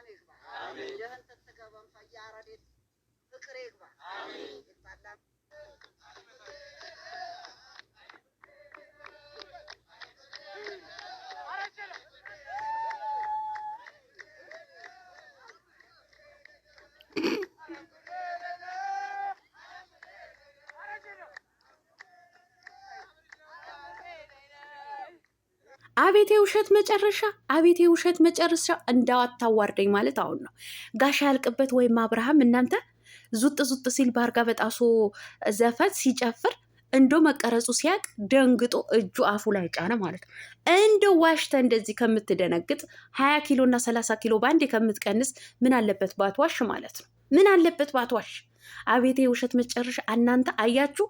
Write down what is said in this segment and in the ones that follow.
ሰላም ይግባ። ይህን ትትገበም ፈያ ረዴት ፍቅር ይግባ ይባላል። አቤት የውሸት መጨረሻ፣ አቤት የውሸት መጨረሻ። እንዳው አታዋርደኝ ማለት አሁን ነው ጋሻ ያልቅበት ወይም አብርሃም እናንተ ዙጥ ዙጥ ሲል ባርጋ በጣሶ ዘፈን ሲጨፍር እንዶ መቀረጹ ሲያቅ ደንግጦ እጁ አፉ ላይ ጫነ ማለት ነው። እንደ ዋሽተ እንደዚህ ከምትደነግጥ ሀያ ኪሎ እና ሰላሳ ኪሎ በአንዴ ከምትቀንስ ምን አለበት ባትዋሽ ማለት ነው። ምን አለበት ባትዋሽ አቤቴ ውሸት መጨረሻ። እናንተ አያችሁ፣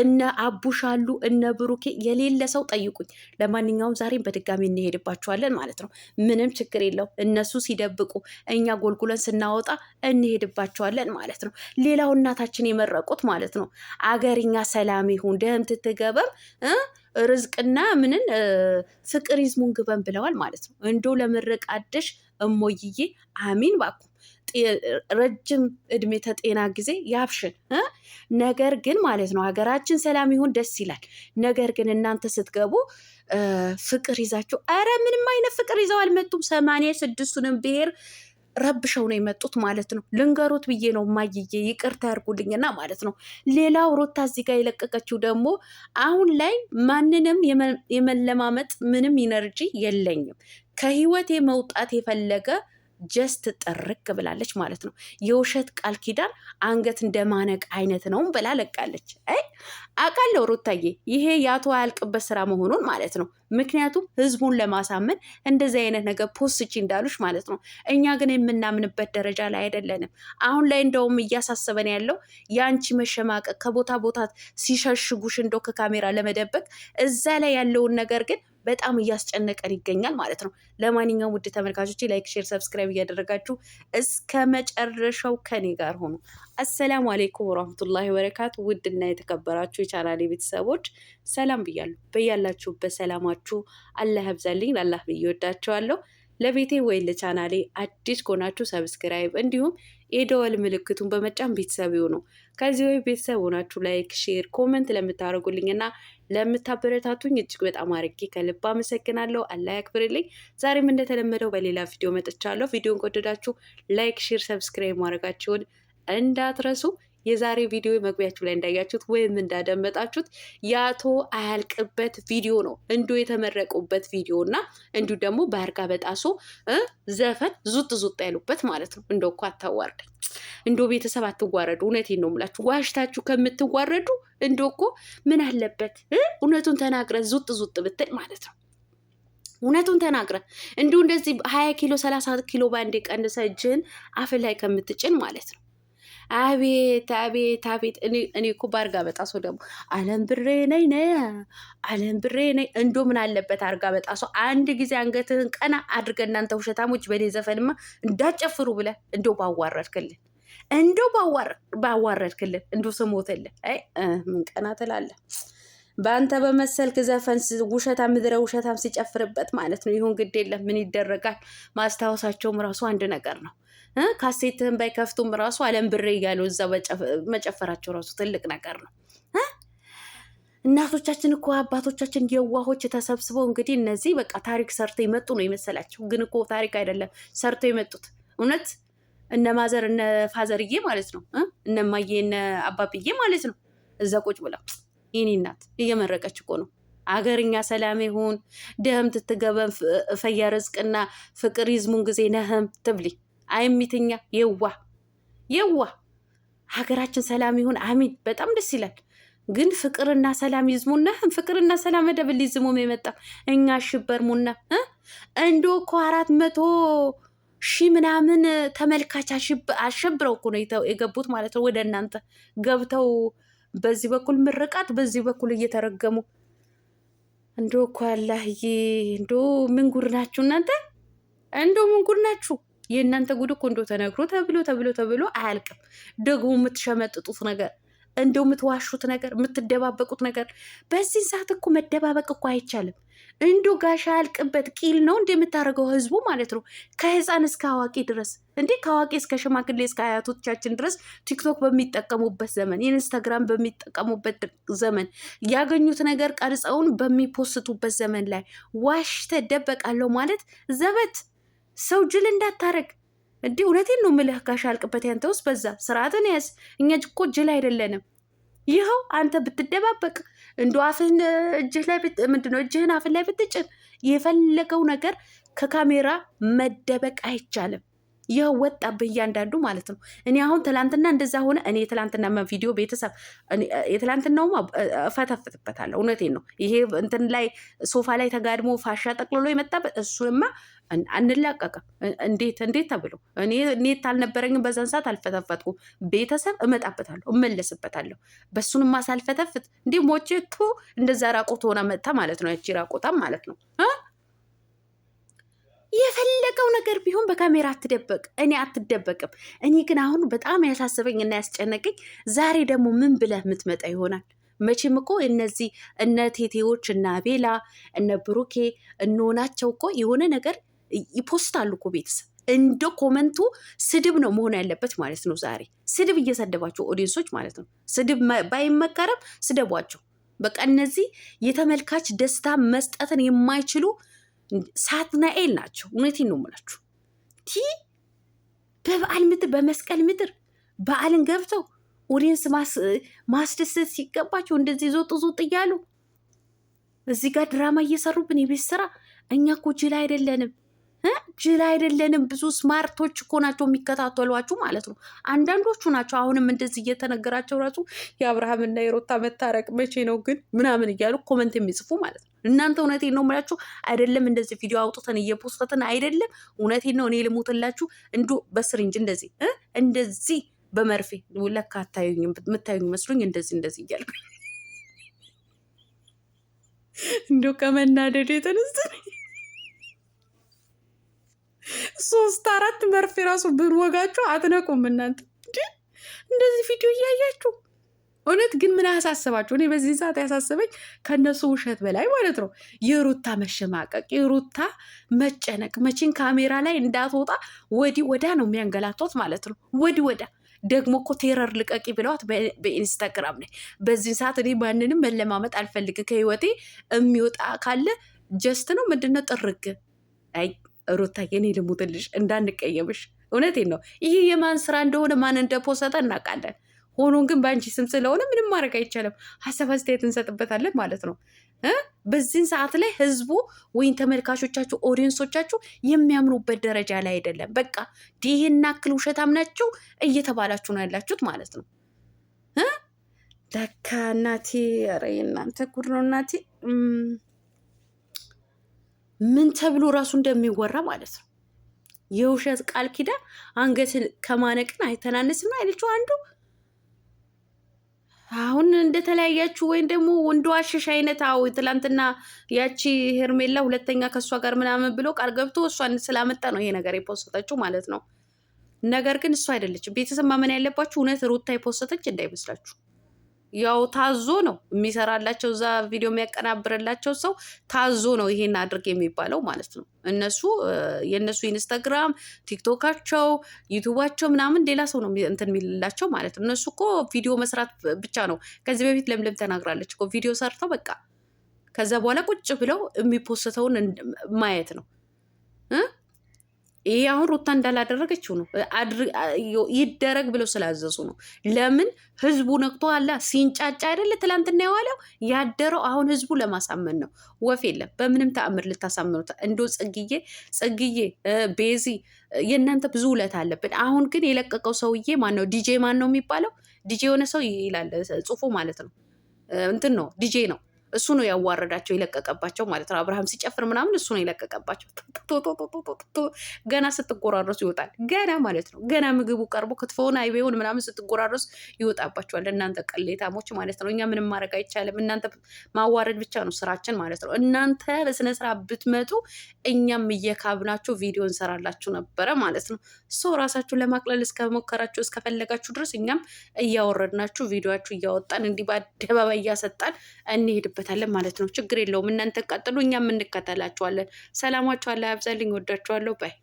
እነ አቡሻሉ እነ ብሩኬ የሌለ ሰው ጠይቁኝ። ለማንኛውም ዛሬም በድጋሚ እንሄድባቸዋለን ማለት ነው። ምንም ችግር የለው። እነሱ ሲደብቁ እኛ ጎልጉለን ስናወጣ እንሄድባቸዋለን ማለት ነው። ሌላው እናታችን የመረቁት ማለት ነው። አገርኛ ሰላም ይሁን ደህም ትትገበም ርዝቅና ምንን ፍቅር ይዝሙን ግበን ብለዋል ማለት ነው። እንዶ ለመረቅ እሞይዬ አሚን ባኩ ረጅም እድሜ ተጤና ጊዜ ያብሽን። ነገር ግን ማለት ነው ሀገራችን ሰላም ይሁን ደስ ይላል። ነገር ግን እናንተ ስትገቡ ፍቅር ይዛችሁ፣ ኧረ ምንም አይነት ፍቅር ይዘው አልመጡም። ሰማንያ ስድስቱንም ብሔር ረብሸው ነው የመጡት ማለት ነው። ልንገሩት ብዬ ነው ማይዬ ይቅርታ ያርጉልኝና ማለት ነው። ሌላው ሩታ እዚህ ጋር የለቀቀችው ደግሞ አሁን ላይ ማንንም የመለማመጥ ምንም ኢነርጂ የለኝም ከህይወቴ መውጣት የፈለገ ጀስት ጥርቅ ብላለች ማለት ነው። የውሸት ቃል ኪዳን አንገት እንደማነቅ አይነት ነውም ብላ ለቃለች። አይ አውቃለሁ ሩታዬ፣ ይሄ የአቶ አያልቅበት ስራ መሆኑን ማለት ነው። ምክንያቱም ህዝቡን ለማሳመን እንደዚህ አይነት ነገር ፖስቺ እንዳሉች ማለት ነው። እኛ ግን የምናምንበት ደረጃ ላይ አይደለንም። አሁን ላይ እንደውም እያሳሰበን ያለው የአንቺ መሸማቀቅ ከቦታ ቦታ ሲሸሽጉሽ እንደው ከካሜራ ለመደበቅ እዛ ላይ ያለውን ነገር ግን በጣም እያስጨነቀን ይገኛል ማለት ነው። ለማንኛውም ውድ ተመልካቾች ላይክ፣ ሼር፣ ሰብስክራይብ እያደረጋችሁ እስከ መጨረሻው ከኔ ጋር ሆኑ። አሰላሙ አሌይኩም ወራህመቱላሂ ወበረካቱ። ውድና የተከበራችሁ የቻናሌ ቤተሰቦች ሰላም ብያለሁ። በያላችሁ ሰላማችሁ አላህ ያብዛልኝ። ላላህ ብዬ ወዳቸዋለሁ። ለቤቴ ወይ ለቻናሌ አዲስ ከሆናችሁ ሰብስክራይብ እንዲሁም የደወል ምልክቱን በመጫን ቤተሰብ ይሁኑ። ከዚህ ወይ ቤተሰብ ሆናችሁ ላይክ፣ ሼር፣ ኮመንት ለምታደርጉልኝና ለምታበረታቱኝ እጅግ በጣም አርጌ ከልብ አመሰግናለሁ። አላህ ያክብርልኝ። ዛሬም እንደተለመደው በሌላ ቪዲዮ መጥቻለሁ። ቪዲዮን ከወደዳችሁ ላይክ፣ ሼር፣ ሰብስክራይብ ማድረጋችሁን እንዳትረሱ። የዛሬ ቪዲዮ መግቢያችሁ ላይ እንዳያችሁት ወይም እንዳደመጣችሁት የአቶ አያልቅበት ቪዲዮ ነው። እንዱ የተመረቁበት ቪዲዮ እና እንዲሁ ደግሞ ባህርጋ በጣሶ ዘፈን ዙጥ ዙጥ ያሉበት ማለት ነው። እንደ እኮ አታዋርደኝ እንዶ ቤተሰብ አትዋረዱ። እውነቴን ነው የምላችሁ። ዋሽታችሁ ከምትዋረዱ እንዶ እኮ ምን አለበት እውነቱን ተናግረ ዙጥ ዙጥ ብትል ማለት ነው። እውነቱን ተናግረ እንዲሁ እንደዚህ ሀያ ኪሎ ሰላሳ ኪሎ ባንዴ ቀንሰ እጅህን አፍ ላይ ከምትጭን ማለት ነው። አቤት አቤት አቤት። እኔ እኮ በአርጋ ሰው ደግሞ አለም ብሬ ነይ ነ አለም ብሬ ነይ። እንዶ ምን አለበት አርጋ ሰው አንድ ጊዜ አንገትህን ቀና አድርገ እናንተ ውሸታሞች በኔ ዘፈንማ እንዳጨፍሩ ብለ እንዶ ባዋረድክልን እንዶ ባዋረድክልን እንዶ ስሞትልን ምን ቀና ትላለህ? በአንተ በመሰልክ ዘፈን ውሸታም ምድረ ውሸታም ሲጨፍርበት ማለት ነው። ይሁን ግድ የለም ምን ይደረጋል። ማስታወሳቸውም ራሱ አንድ ነገር ነው። ካሴትህን ባይከፍቱም ራሱ አለም ብሬ እያሉ እዛ መጨፈራቸው ራሱ ትልቅ ነገር ነው። እናቶቻችን እኮ አባቶቻችን የዋሆች ተሰብስበው እንግዲህ እነዚህ በቃ ታሪክ ሰርቶ የመጡ ነው የመሰላቸው፣ ግን እኮ ታሪክ አይደለም ሰርቶ የመጡት እውነት እነ ማዘር እነ ፋዘርዬ ማለት ነው እነ ማዬ እነ አባብዬ ማለት ነው እዛ ቁጭ ብለው የኔ እናት እየመረቀች እኮ ነው። አገርኛ ሰላም ይሁን ደህም ትትገበን ፈያ ርዝቅና ፍቅር ይዝሙን ጊዜ ነህም ትብሊ አይሚትኛ የዋ የዋ ሀገራችን ሰላም ይሁን አሚን። በጣም ደስ ይላል። ግን ፍቅርና ሰላም ይዝሙና ፍቅርና ሰላም መደብል ይዝሙም የመጣ እኛ ሽበር ሙና እንዶ እኮ አራት መቶ ሺህ ምናምን ተመልካች አሸብረው እኮ ነው የገቡት ማለት ነው። ወደ እናንተ ገብተው በዚህ በኩል ምርቃት፣ በዚህ በኩል እየተረገሙ እንዶ እኮ አላህዬ፣ እንዶ ምን ጉድ ናችሁ እናንተ፣ እንዶ ምን ጉድ ናችሁ የእናንተ ጉድ እኮ እንዶ ተነግሮ ተብሎ ተብሎ ተብሎ አያልቅም። ደግሞ የምትሸመጥጡት ነገር እንደው የምትዋሹት ነገር የምትደባበቁት ነገር በዚህ ሰዓት እኮ መደባበቅ እኮ አይቻልም። እንዶ ጋሻ ያልቅበት ቂል ነው እንደ የምታደርገው ህዝቡ ማለት ነው። ከህፃን እስከ አዋቂ ድረስ እንዴ ከአዋቂ እስከ ሽማግሌ እስከ አያቶቻችን ድረስ ቲክቶክ በሚጠቀሙበት ዘመን ኢንስታግራም በሚጠቀሙበት ዘመን ያገኙት ነገር ቀርጸውን በሚፖስቱበት ዘመን ላይ ዋሽተ ደበቃለሁ ማለት ዘበት ሰው ጅል እንዳታረግ እንዲህ እውነቴን ነው ምልህ ጋሽ አልቅበት ያንተ ውስጥ በዛ ስርዓትን ያዝ። እኛ እኮ ጅል አይደለንም። ይኸው አንተ ብትደባበቅ እንዶ አፍህን እጅህ ላይ ምንድነው እጅህን አፍን ላይ ብትጭን የፈለገው ነገር ከካሜራ መደበቅ አይቻልም። ያው ወጣብህ እያንዳንዱ ማለት ነው። እኔ አሁን ትላንትና እንደዛ ሆነ። እኔ ትላንትና ቪዲዮ ቤተሰብ የትላንትናውማ እፈተፍትበታለሁ። እውነቴን ነው። ይሄ እንትን ላይ ሶፋ ላይ ተጋድሞ ፋሻ ጠቅልሎ የመጣበት እሱንማ አንላቀቅም። እንዴት እንዴት ተብሎ እኔ እኔት አልነበረኝም። በዛን ሰዓት አልፈተፈትኩም። ቤተሰብ እመጣበታለሁ፣ እመለስበታለሁ። በእሱንማ ሳልፈተፍት እንዲህ ሞቼቱ እንደዛ ራቁት ሆና መጥታ ማለት ነው። ያቺ ራቁጣም ማለት ነው የምትደበቀው ነገር ቢሆን በካሜራ አትደበቅ። እኔ አትደበቅም። እኔ ግን አሁን በጣም ያሳሰበኝ እና ያስጨነቀኝ ዛሬ ደግሞ ምን ብለህ የምትመጣ ይሆናል። መቼም እኮ እነዚህ እነ ቴቴዎች እነ አቤላ እነ ብሩኬ እንሆናቸው እኮ የሆነ ነገር ይፖስታሉ እኮ ቤተሰብ እንደ ኮመንቱ ስድብ ነው መሆን ያለበት ማለት ነው። ዛሬ ስድብ እየሰደባቸው ኦዲየንሶች ማለት ነው። ስድብ ባይመከረም ስደቧቸው። በቃ እነዚህ የተመልካች ደስታ መስጠትን የማይችሉ ሳትናኤል ናቸው። እውነቴን ነው የምላችሁ። ቲ በበዓል ምድር በመስቀል ምድር በዓልን ገብተው ኦዲየንስ ማስደሰት ሲገባቸው እንደዚህ ዞጥ ዞጥ እያሉ እዚህ ጋር ድራማ እየሰሩብን የቤት ስራ። እኛ እኮ ጅል አይደለንም። ጅል አይደለንም። ብዙ ስማርቶች እኮ ናቸው የሚከታተሏችሁ ማለት ነው። አንዳንዶቹ ናቸው አሁንም እንደዚህ እየተነገራቸው ራሱ የአብርሃምና የሮታ መታረቅ መቼ ነው ግን ምናምን እያሉ ኮመንት የሚጽፉ ማለት ነው። እናንተ እውነቴን ነው የምላችሁ አይደለም። እንደዚህ ቪዲዮ አውጥተን እየፖስተትን አይደለም። እውነቴን ነው እኔ ልሞትላችሁ። እንዱ በስሪንጅ እንደዚህ እንደዚህ በመርፌ ለካ አታዩኝም የምታዩኝ መስሉኝ እንደዚህ እንደዚህ እያልኩኝ እንዲ ከመናደዱ የተነስ ሶስት አራት መርፌ ራሱ ብንወጋችሁ አትነቁም እናንተ እንደዚህ ቪዲዮ እያያችሁ እውነት ግን ምን ያሳስባችሁ? እኔ በዚህ ሰዓት ያሳስበኝ ከእነሱ ውሸት በላይ ማለት ነው የሩታ መሸማቀቅ፣ የሩታ መጨነቅ። መቼን ካሜራ ላይ እንዳትወጣ ወዲ ወዳ ነው የሚያንገላቷት ማለት ነው። ወዲ ወዳ ደግሞ እኮ ቴረር ልቀቂ ብለዋት በኢንስታግራም ላይ። በዚህ ሰዓት እኔ ማንንም መለማመጥ አልፈልግ። ከህይወቴ የሚወጣ ካለ ጀስት ነው ምንድነው ጥርግ ሩታዬ እኔ ልሙትልሽ እንዳንቀየምሽ። እውነቴን ነው። ይህ የማን ስራ እንደሆነ ማን እንደፖሰጠ እናውቃለን። ሆኖን ግን በአንቺ ስም ስለሆነ ምንም ማድረግ አይቻልም። ሀሳብ አስተያየት እንሰጥበታለን ማለት ነው። በዚህን ሰዓት ላይ ህዝቡ ወይም ተመልካቾቻችሁ ኦዲየንሶቻችሁ የሚያምኑበት ደረጃ ላይ አይደለም። በቃ ይህን አክል ውሸታም ናችሁ እየተባላችሁ ነው ያላችሁት ማለት ነው። ለካ እናቴ፣ ረይ እናንተ ጉድ ነው እናቴ። ምን ተብሎ ራሱ እንደሚወራ ማለት ነው። የውሸት ቃል ኪዳ አንገትን ከማነቅን አይተናነስም ነው አይለችው አንዱ አሁን እንደተለያያችሁ ወይም ደግሞ ወንዶ አሸሽ አይነት አዎ፣ ትላንትና ያቺ ሄርሜላ ሁለተኛ ከእሷ ጋር ምናምን ብሎ ቃል ገብቶ እሷን ስላመጣ ነው ይሄ ነገር የፖስተችው ማለት ነው። ነገር ግን እሷ አይደለችም። ቤተሰብ ማመን ያለባችሁ እውነት ሩታ የፖስተች እንዳይመስላችሁ። ያው ታዞ ነው የሚሰራላቸው እዛ ቪዲዮ የሚያቀናብርላቸው ሰው ታዞ ነው ይሄን አድርግ የሚባለው ማለት ነው። እነሱ የእነሱ ኢንስታግራም፣ ቲክቶካቸው፣ ዩቱባቸው ምናምን ሌላ ሰው ነው እንትን የሚልላቸው ማለት ነው። እነሱ እኮ ቪዲዮ መስራት ብቻ ነው። ከዚህ በፊት ለምለም ተናግራለች እኮ ቪዲዮ ሰርተው በቃ ከዛ በኋላ ቁጭ ብለው የሚፖስተውን ማየት ነው። ይሄ አሁን ሩታ እንዳላደረገችው ነው። ይደረግ ብለው ስላዘዙ ነው። ለምን ህዝቡ ነቅቶ አላ ሲንጫጫ አይደለ? ትላንትና የዋለው ያደረው አሁን ህዝቡ ለማሳመን ነው። ወፍ የለም በምንም ተአምር ልታሳምኑት። እንዶ ጽግዬ ጽግዬ ቤዚ የእናንተ ብዙ ውለት አለብን። አሁን ግን የለቀቀው ሰውዬ ማን ነው? ዲጄ ማን ነው የሚባለው? ዲጄ የሆነ ሰው ይላል ጽፎ ማለት ነው። እንትን ነው ዲጄ ነው እሱ ነው ያዋረዳቸው የለቀቀባቸው ማለት ነው። አብርሃም ሲጨፍር ምናምን እሱ ነው የለቀቀባቸው። ገና ስትጎራረሱ ይወጣል። ገና ማለት ነው። ገና ምግቡ ቀርቦ ክትፎውን አይቤውን ምናምን ስትጎራረሱ ይወጣባቸዋል። እናንተ ቅሌታሞች ማለት ነው። እኛ ምንም ማድረግ አይቻልም። እናንተ ማዋረድ ብቻ ነው ስራችን ማለት ነው። እናንተ በስነ ስራ ብትመጡ እኛም እየካብናችሁ ቪዲዮ እንሰራላችሁ ነበረ ማለት ነው። ሰው ራሳችሁን ለማቅለል እስከሞከራችሁ እስከፈለጋችሁ ድረስ እኛም እያወረድናችሁ ቪዲዮችሁ እያወጣን እንዲህ በአደባባይ እያሰጣን እንሄድበት እንሄድበታለን ማለት ነው። ችግር የለውም። እናንተ ቀጥሉ፣ እኛም እንከተላችኋለን። ሰላማችኋላ ያብዛልኝ። ወዳችኋለሁ ባይ